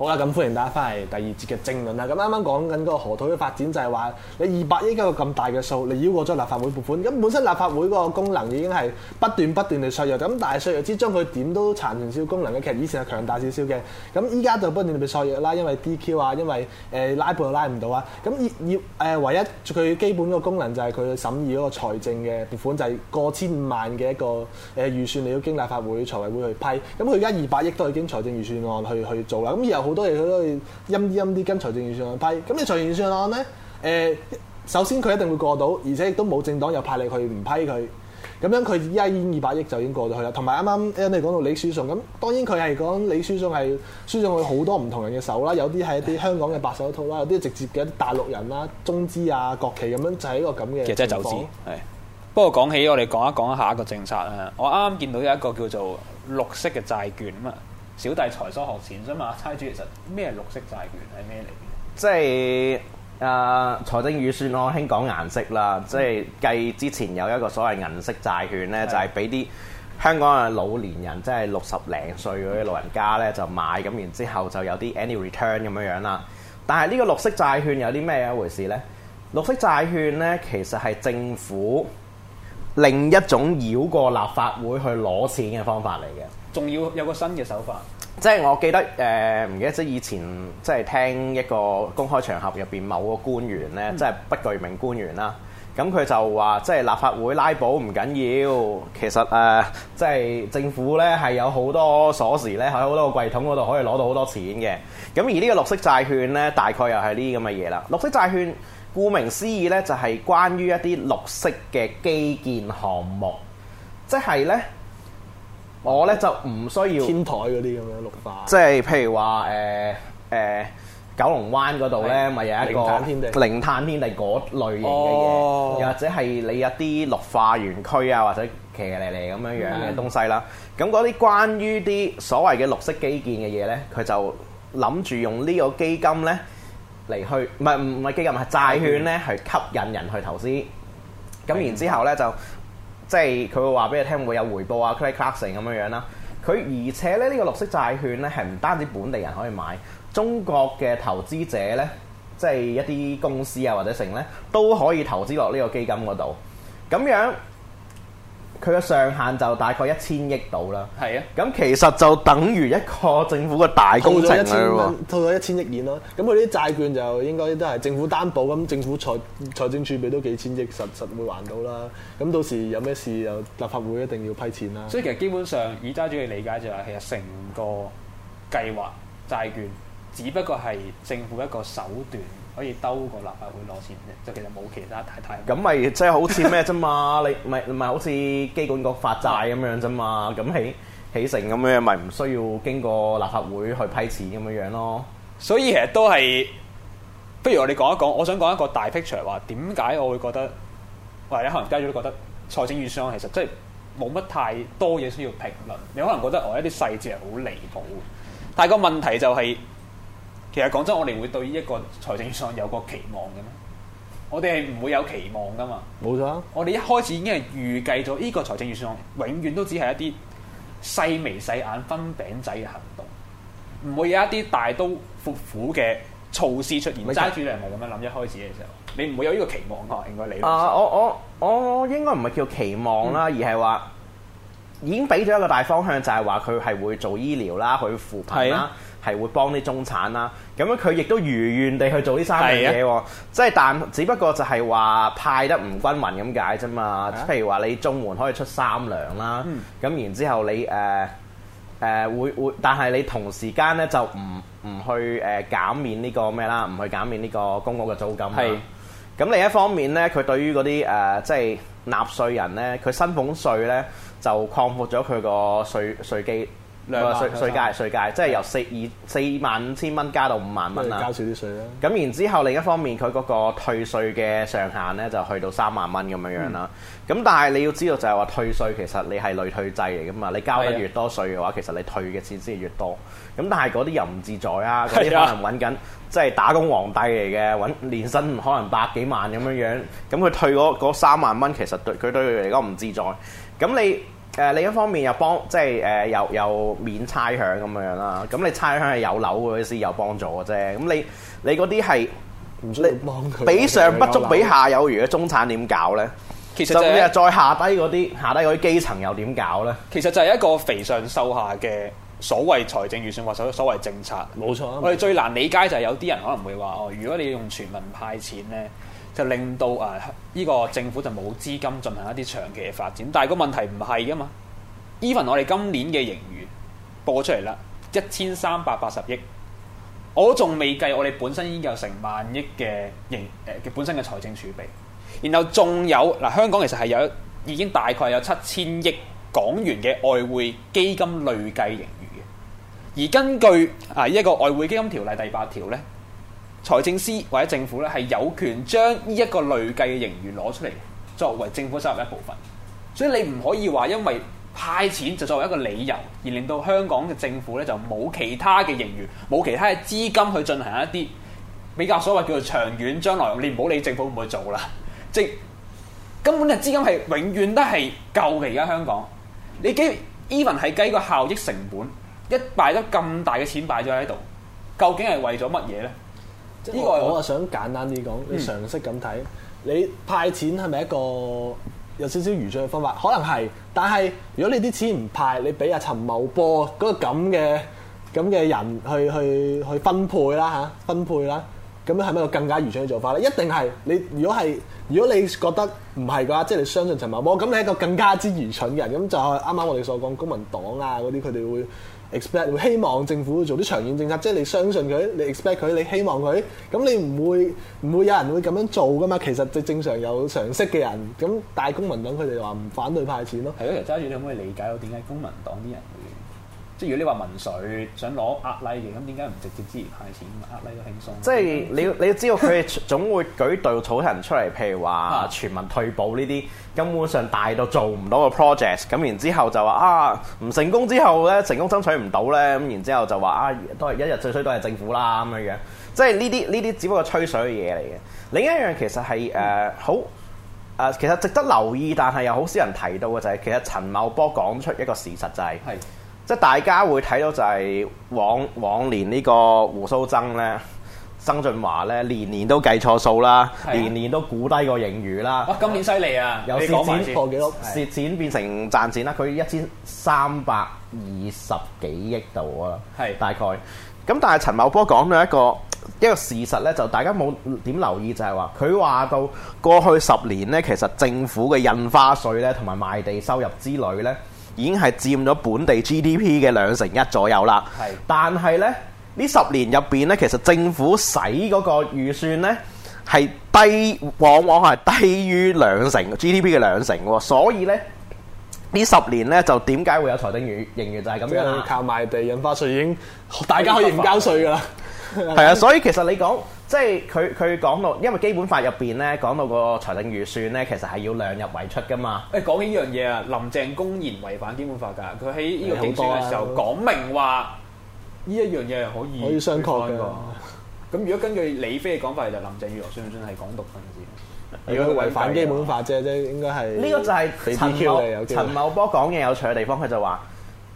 好啦，咁歡迎大家翻嚟第二節嘅政論啦。咁啱啱講緊嗰個河套嘅發展就係話，你二百億嘅一個咁大嘅數，你繞過咗立法會撥款。咁本身立法會嗰個功能已經係不斷不斷地削弱，咁但係削弱之中佢點都殘存少功能嘅。其實以前係強大少少嘅，咁依家就不斷地被削弱啦。因為 DQ 啊，因為誒拉布又拉唔到啊。咁要要唯一佢基本個功能就係佢審議嗰個財政嘅撥款，就係、是、過千五萬嘅一個誒預算，你要經立法會財委會去批。咁佢而家二百億都係經財政預算案去去做啦。咁以後好多嘢佢都會陰啲陰啲跟財政預算案批，咁你財政預算案咧，誒、呃，首先佢一定會過到，而且亦都冇政黨又派你去唔批佢，咁樣佢依家已經二百億就已經過咗去啦。同埋啱啱啱你講到李書信，咁當然佢係講李書信係輸上去好多唔同人嘅手啦，有啲係啲香港嘅白手套啦，有啲直接嘅啲大陸人啦、中資啊、國企咁樣就係一個咁嘅。其實真係走資，係。不過講起我哋講一講下一個政策啊，我啱啱見到有一個叫做綠色嘅債券咁啊。小弟才疏學淺啫嘛，猜主其實咩綠色債券係咩嚟嘅？即係誒、呃、財政預算，我兄講顏色啦，即係計之前有一個所謂銀色債券咧，嗯、就係俾啲香港嘅老年人，即係六十零歲嗰啲老人家咧就買，咁然後之後就有啲 any return 咁樣樣啦。但係呢個綠色債券有啲咩一回事咧？綠色債券咧其實係政府另一種繞過立法會去攞錢嘅方法嚟嘅。仲要有個新嘅手法，即係我記得誒，唔記得即係以前，即係聽一個公開場合入邊某個官員咧，嗯、即係不具名官員啦。咁佢就話，即係立法會拉布唔緊要，其實誒、呃，即係政府咧係有好多鎖匙咧喺好多個櫃桶嗰度可以攞到好多錢嘅。咁而呢個綠色債券咧，大概又係呢啲咁嘅嘢啦。綠色債券顧名思義咧，就係、是、關於一啲綠色嘅基建項目，即係咧。我咧就唔需要天台嗰啲咁樣綠化，即係譬如話誒誒九龍灣嗰度咧，咪是有一個零碳天地、零碳天地嗰類型嘅嘢，又、哦、或者係你一啲綠化園區啊，或者騎騎嚟呢咁樣樣嘅東西啦。咁嗰啲關於啲所謂嘅綠色基建嘅嘢咧，佢就諗住用呢個基金咧嚟去，唔係唔係基金，係債券咧，去吸引人，人去投資。咁、嗯嗯、然之後咧就。即係佢會話俾你聽會有回報啊，clustering 咁樣樣啦。佢而且咧呢個綠色債券咧係唔單止本地人可以買，中國嘅投資者咧，即係一啲公司啊或者成咧都可以投資落呢個基金嗰度，咁樣。佢嘅上限就大概一千億到啦，係啊，咁其實就等於一個政府嘅大工程一千蚊套咗一千億錢咯，咁佢啲債券就應該都係政府擔保，咁政府財財政儲備都幾千億，實實會還到啦。咁到時有咩事，又立法會一定要批錢啦。所以其實基本上，以齋主嘅理解就係、是，其實成個計劃債券，只不過係政府一個手段。可以兜個立法會攞錢嘅，就其實冇其他太太。咁咪即係好似咩啫嘛？你咪咪好似機管局發債咁樣啫嘛？咁 起起成咁樣咪唔需要經過立法會去批錢咁樣樣咯。所以其實都係，不如我哋講一講。我想講一個大 picture，話點解我會覺得或者可能街眾都覺得財政預算其實即係冇乜太多嘢需要評論。你可能覺得我一啲細節係好離譜，但係個問題就係、是。其實講真，我哋會對呢一個財政預算案有個期望嘅咩？我哋係唔會有期望噶嘛。冇錯、啊。我哋一開始已經係預計咗呢個財政預算案，永遠都只係一啲細眉細眼分餅仔嘅行動，唔會有一啲大刀闊斧嘅措施出現。揸住錯你係咪咁樣諗，一開始嘅時候，你唔會有呢個期望啊，應該你。啊，我我我我應該唔係叫期望啦，嗯、而係話。已經俾咗一個大方向，就係話佢係會做醫療啦，去扶貧啦，係是、啊、會幫啲中產啦。咁樣佢亦都如願地去做呢三樣嘢，即係是、啊、但只不過就係話派得唔均勻咁解啫嘛。譬如話你中門可以出三糧啦，咁、嗯、然後之後你誒誒、呃呃、會會，但係你同時間咧就唔唔去誒、呃、減免呢、這個咩啦，唔去減免呢個公屋嘅租金啊。咁另一方面咧，佢對於嗰啲誒即係納稅人咧，佢薪俸稅咧就擴闊咗佢個稅稅基。兩百稅稅階，稅階是的 即係由四二四萬五千蚊加到五萬蚊啦。交少啲稅啦。咁然之後，另一方面，佢嗰個退稅嘅上限咧，就去到三萬蚊咁樣樣啦。咁、嗯、但係你要知道就，就係話退稅其實你係累退制嚟噶嘛。你交得越多稅嘅話，是的 其實你退嘅錢先係越多。咁但係嗰啲又唔自在啊。嗰啲可能揾緊是的 即係打工皇帝嚟嘅，揾年薪可能百幾萬咁樣樣。咁佢退嗰三萬蚊，其實對佢對佢嚟講唔自在。咁你？誒另、呃、一方面又幫即係誒、呃、又又免差餉咁樣啦，咁你差餉係有樓嗰啲先有幫助嘅啫，咁你你嗰啲係唔需要幫佢。比上不足，比下有餘，中產點搞咧？其實就你、是、啊，再下低嗰啲，下低嗰啲基層又點搞咧？其實就係一個肥上瘦下嘅所謂財政預算或所所謂政策。冇錯。我哋最難理解就係有啲人可能會話哦，如果你用全民派錢咧。就令到啊呢個政府就冇資金進行一啲長期嘅發展，但係個問題唔係噶嘛？even 我哋今年嘅盈餘播出嚟啦，一千三百八十億，我仲未計我哋本身已經有成萬億嘅盈誒嘅、呃、本身嘅財政儲備，然後仲有嗱、啊、香港其實係有已經大概有七千億港元嘅外匯基金累計盈餘嘅，而根據啊呢一個外匯基金條例第八條呢。財政司或者政府咧，係有權將呢一個累計嘅盈餘攞出嚟，作為政府收入一部分。所以你唔可以話因為派錢就作為一個理由，而令到香港嘅政府咧就冇其他嘅盈餘，冇其他嘅資金去進行一啲比較所謂叫做長遠將來。你唔好理政府會唔會做啦，即根本嘅資金係永遠都係夠嘅。而家香港，你 even 係計個效益成本，一擺咗咁大嘅錢擺咗喺度，究竟係為咗乜嘢呢？呢個我啊想簡單啲講，你常識咁睇，嗯、你派錢係咪一個有少少餘罪嘅方法？可能係，但係如果你啲錢唔派，你俾阿陳茂波嗰個咁嘅咁嘅人去去去分配啦嚇、啊，分配啦。咁樣係咪一個更加愚蠢嘅做法咧？一定係你如果係如果你覺得唔係嘅話，即係你相信陳茂波，咁你係一個更加之愚蠢嘅人。咁就係啱啱我哋所講公民黨啊嗰啲，佢哋會 expect 會希望政府做啲長遠政策，即係你相信佢，你 expect 佢，你希望佢，咁你唔會唔會有人會咁樣做噶嘛？其實最正常有常識嘅人，咁大公民黨佢哋話唔反對派錢咯、啊。係咯、嗯，其實揸住你可唔可以理解我點解公民黨啲人會？即係如果你話文水想攞額利嘅，咁點解唔直接支援派錢？咁額利都輕鬆。即係你你要知道佢總會舉到草人出嚟，譬如話全民退保呢啲，根本上大到做唔到嘅 project。咁然之後就話啊唔成功之後咧，成功爭取唔到咧，咁然之後就話啊都係一日最衰都係政府啦咁樣樣。即係呢啲呢啲只不過吹水嘅嘢嚟嘅。另一樣其實係誒、呃、好誒、呃，其實值得留意，但係又好少人提到嘅就係、是、其實陳茂波講出一個事實就係、是。即大家會睇到就係往往年呢個鬍鬚曾呢，曾俊華呢，年年都計錯數啦，的年年都估低個盈餘啦。哇、啊！今年犀利啊，有蝕錢破紀錄，蝕錢變成賺錢啦，佢一千三百二十幾億度啊，係大概。咁的但係陳茂波講到一個一個事實呢，就大家冇點留意就係話，佢話到過去十年呢，其實政府嘅印花稅呢，同埋賣地收入之類呢。已經係佔咗本地 GDP 嘅兩成一左右啦。係是，但係呢呢十年入邊呢，其實政府使嗰個預算呢，係低，往往係低於兩成 GDP 嘅兩成喎。所以呢，呢十年呢，就點解會有財政預盈餘就係咁樣啦。嗯、靠賣地印花稅已經大家可以唔交稅噶啦。係啊， 所以其實你講。即係佢佢講到，因為基本法入邊咧講到個財政預算咧，其實係要量入為出噶嘛。誒講起呢樣嘢啊，林鄭公然違反基本法㗎，佢喺呢個競選嘅時候講、啊、明話呢一樣嘢係可以可以相抗嘅。咁 如果根據李飛嘅講法，就林鄭月娥算唔算係港獨分子？如果佢違反基本法啫啫，應該係。呢個就係陳陳茂波講嘢有趣嘅地方，佢就話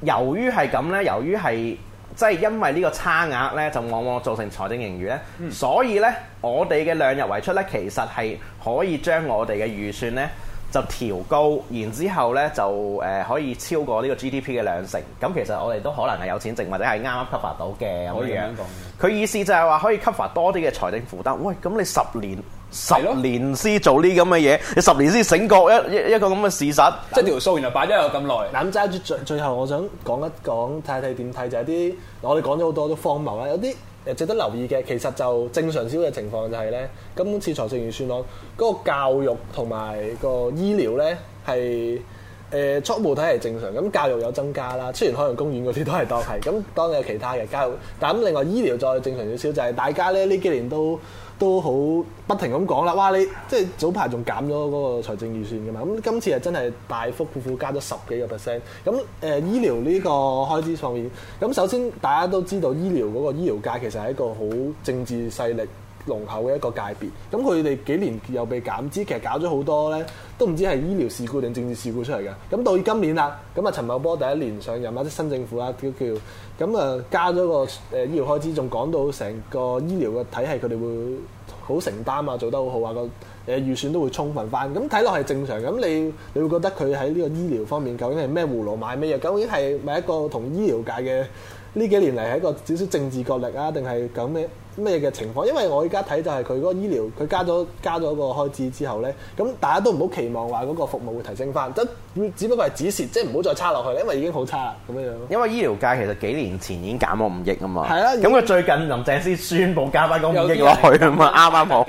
由於係咁咧，由於係。即係因為呢個差額咧，就往往造成財政盈餘咧，嗯、所以咧，我哋嘅量入為出咧，其實係可以將我哋嘅預算咧，就調高，然之後咧就誒、呃、可以超過呢個 GDP 嘅兩成。咁、嗯、其實我哋都可能係有錢剩，或者係啱啱 cover 到嘅。可以咁講。佢意思就係話可以 cover 多啲嘅財政負擔。喂，咁你十年十年先做呢啲咁嘅嘢，的你十年先醒覺一一,一,一個咁嘅事實，即係條數原來擺咗有咁耐。嗱，咁揸住最最後，我想講一講睇睇點睇，就係啲我哋講咗好多都荒謬啦，有啲。誒值得留意嘅，其實就正常少嘅情況就係、是、咧， 今次財政預算案嗰 個教育同埋個醫療咧係。誒初步睇係正常咁，教育有增加啦。雖然海洋公園嗰啲都係當係咁，當然有其他嘅教育。但咁另外醫療再正常少少，就係大家咧呢幾年都都好不停咁講啦。哇！你即係早排仲減咗嗰個財政預算㗎嘛？咁今次係真係大幅大幅加咗十幾個 percent。咁誒、呃、醫療呢個開支上面，咁首先大家都知道醫療嗰個醫療界其實係一個好政治勢力。濃厚嘅一個界別，咁佢哋幾年又被減資，其實搞咗好多呢，都唔知係醫療事故定政治事故出嚟嘅。咁到今年啦，咁啊陳茂波第一年上任或者新政府啊叫叫，咁啊加咗個誒醫療開支，仲講到成個醫療嘅體系，佢哋會好承擔啊，做得好好啊，個誒預算都會充分翻。咁睇落係正常。咁你你會覺得佢喺呢個醫療方面究竟係咩葫蘆買咩嘢？究竟係咪一個同醫療界嘅？呢幾年嚟係一個少少政治角力啊，定係咁咩咩嘅情況？因為我而家睇就係佢嗰個醫療，佢加咗加咗個開支之後咧，咁大家都唔好期望話嗰個服務會提升翻，即只不過係止蝕，即係唔好再差落去，因為已經好差啦咁樣樣。因為醫療界其實幾年前已經減咗五億啊嘛。係啊，咁佢最近林鄭先宣布加翻嗰五億落去啊嘛，啱啱好。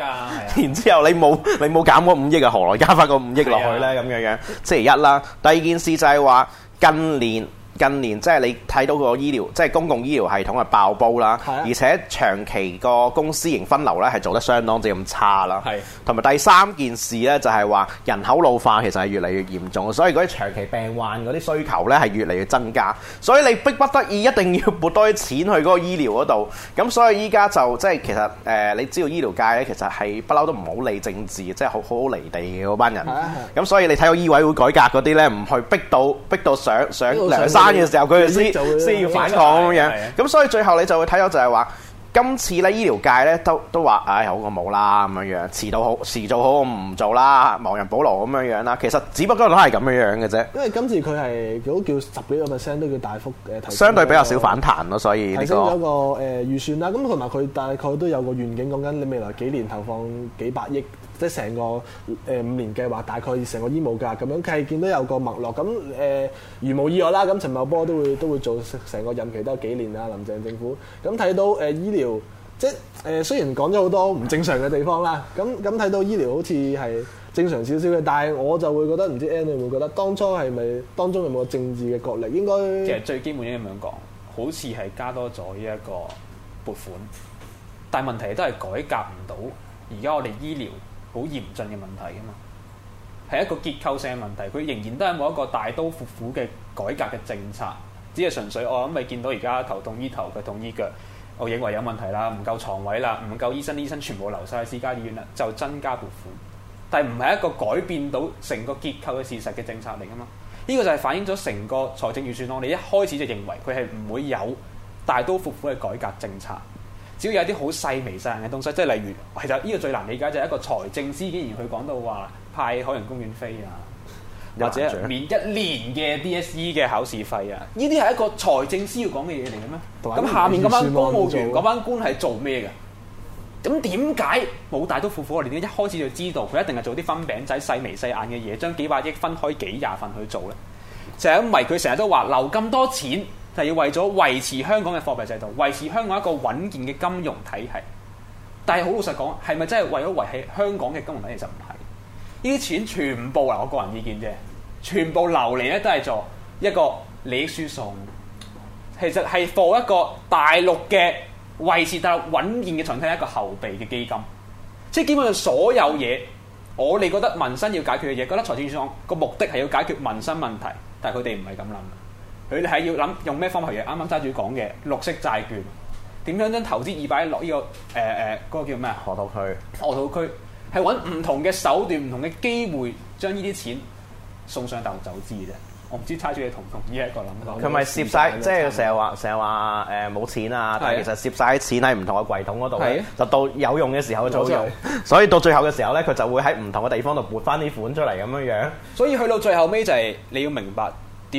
然之後你冇你冇減嗰五億啊，何來加翻個五億落去咧？咁樣樣。星期一啦，第二件事就係話近年。近年即係你睇到個醫療，即係公共醫療系統係爆煲啦，是的 而且長期個公私營分流咧係做得相當之咁差啦。同埋是的 第三件事呢，就係話人口老化其實係越嚟越嚴重，所以嗰啲長期病患嗰啲需求呢係越嚟越增加，所以你逼不得已一定要撥多啲錢去嗰個醫療嗰度。咁所以依家就即係其實誒，你知道醫療界呢，其實係不嬲都唔好理政治，即係好好離地嘅嗰班人。咁所以你睇到醫委會改革嗰啲呢，唔去逼到逼到上上兩三嘅時候，佢就先先要反抗咁樣，咁、嗯、所以最後你就會睇到就係話，今次咧醫療界咧都都話，唉、哎、好過冇啦咁樣樣，遲到好，遲做好過唔做啦，亡羊補牢咁樣樣啦。其實只不過都係咁樣樣嘅啫。因為今次佢係如果叫十幾個 percent 都叫大幅誒，相對比較少反彈咯，所以、這個、提升咗個誒、呃、預算啦。咁同埋佢大概都有個願景講緊，你未來幾年投放幾百億。即係成個誒、呃、五年計劃，大概成個醫務架咁樣，佢係見到有個脈絡。咁誒、呃，如無意外啦，咁陳茂波都會都會做成個任期都有幾年啦？林鄭政府咁睇到誒、呃、醫療，即係誒、呃、雖然講咗好多唔正常嘅地方啦，咁咁睇到醫療好似係正常少少嘅，但係我就會覺得唔知 Andy 會唔會覺得當初係咪當中有冇政治嘅角力？應該其實最基本咁樣講，好似係加多咗呢一個撥款，但係問題都係改革唔到，而家我哋醫療。好嚴峻嘅問題啊嘛，係一個結構性嘅問題。佢仍然都係冇一個大刀闊斧嘅改革嘅政策，只係純粹我諗咪見到而家頭痛醫頭，腳痛醫腳。我認為有問題啦，唔夠床位啦，唔夠醫生，啲醫生全部流曬私家醫院啦，就增加撥款，但係唔係一個改變到成個結構嘅事實嘅政策嚟啊嘛。呢、這個就係反映咗成個財政預算案，我哋一開始就認為佢係唔會有大刀闊斧嘅改革政策。只要有啲好細眉細眼嘅東西，即係例如其實呢個最難理解，就係一個財政司竟然佢講到話派海洋公園飛啊，或者免一年嘅 DSE 嘅考試費啊，呢啲係一個財政司要講嘅嘢嚟嘅咩？咁下面嗰班公務員嗰班官係做咩嘅？咁點解冇大刀闊斧，我哋一開始就知道佢一定係做啲分餅仔細眉細眼嘅嘢，將幾百億分開幾廿份去做咧？就係因為佢成日都話留咁多錢。就係要為咗維持香港嘅貨幣制度，維持香港一個穩健嘅金融體系。但係好老實講，係咪真係為咗維係香港嘅金融體系？其實唔係。呢啲錢全部嗱，我個人意見啫，全部流嚟咧都係做一個利益輸送。其實係為一個大陸嘅維持大陸穩健嘅狀態一個後備嘅基金。即係基本上所有嘢，我哋覺得民生要解決嘅嘢，覺得財政上個目的係要解決民生問題，但係佢哋唔係咁諗。佢哋係要諗用咩方法嘅？啱啱揸住講嘅綠色債券，點樣將投資二百一落呢個誒誒嗰個叫咩啊？河套區，河套區係揾唔同嘅手段、唔同嘅機會，將呢啲錢送上大陸走資嘅啫。我唔知揸住你同唔同意一個諗法。佢咪攝晒，即係成日話成日話誒冇錢啊！但係其實攝晒啲錢喺唔同嘅櫃桶嗰度，啊、就到有用嘅時候就用。啊、所以到最後嘅時候咧，佢就會喺唔同嘅地方度撥翻啲款出嚟咁樣樣。所以去到最後尾就係、是、你要明白。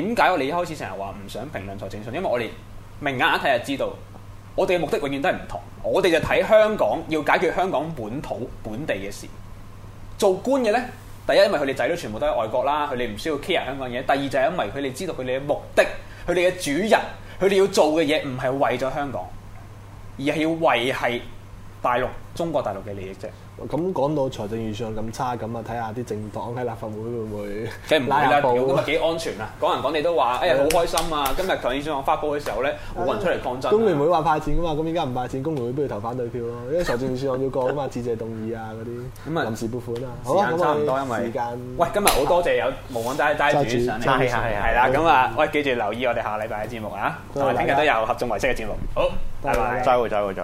點解我哋一開始成日話唔想評論財政事？因為我哋明眼一睇就知道，我哋嘅目的永遠都係唔同。我哋就睇香港要解決香港本土本地嘅事。做官嘅呢，第一因為佢哋仔女都全部都喺外國啦，佢哋唔需要 care 香港嘢。第二就係因為佢哋知道佢哋嘅目的，佢哋嘅主人，佢哋要做嘅嘢唔係為咗香港，而係要維係大陸、中國大陸嘅利益啫。咁講到財政預算咁差，咁啊睇下啲政黨喺立法會會唔會拉下票？咁啊幾安全啊？講人講你都話，哎呀好開心啊！今日財政預算案發佈嘅時候咧，冇人出嚟抗爭。工聯會話派錢噶嘛？咁點解唔派錢？工聯會不如投反對票咯，因為財政預算案要過啊嘛，致謝動議啊嗰啲。咁啊臨時撥款啊，好，時間差唔多，因為喂今日好多謝有無妄齋齋主上嚟，係啦咁啊，喂記住留意我哋下禮拜嘅節目啊，聽日都有合眾為色嘅節目，好，拜拜，再會再會再。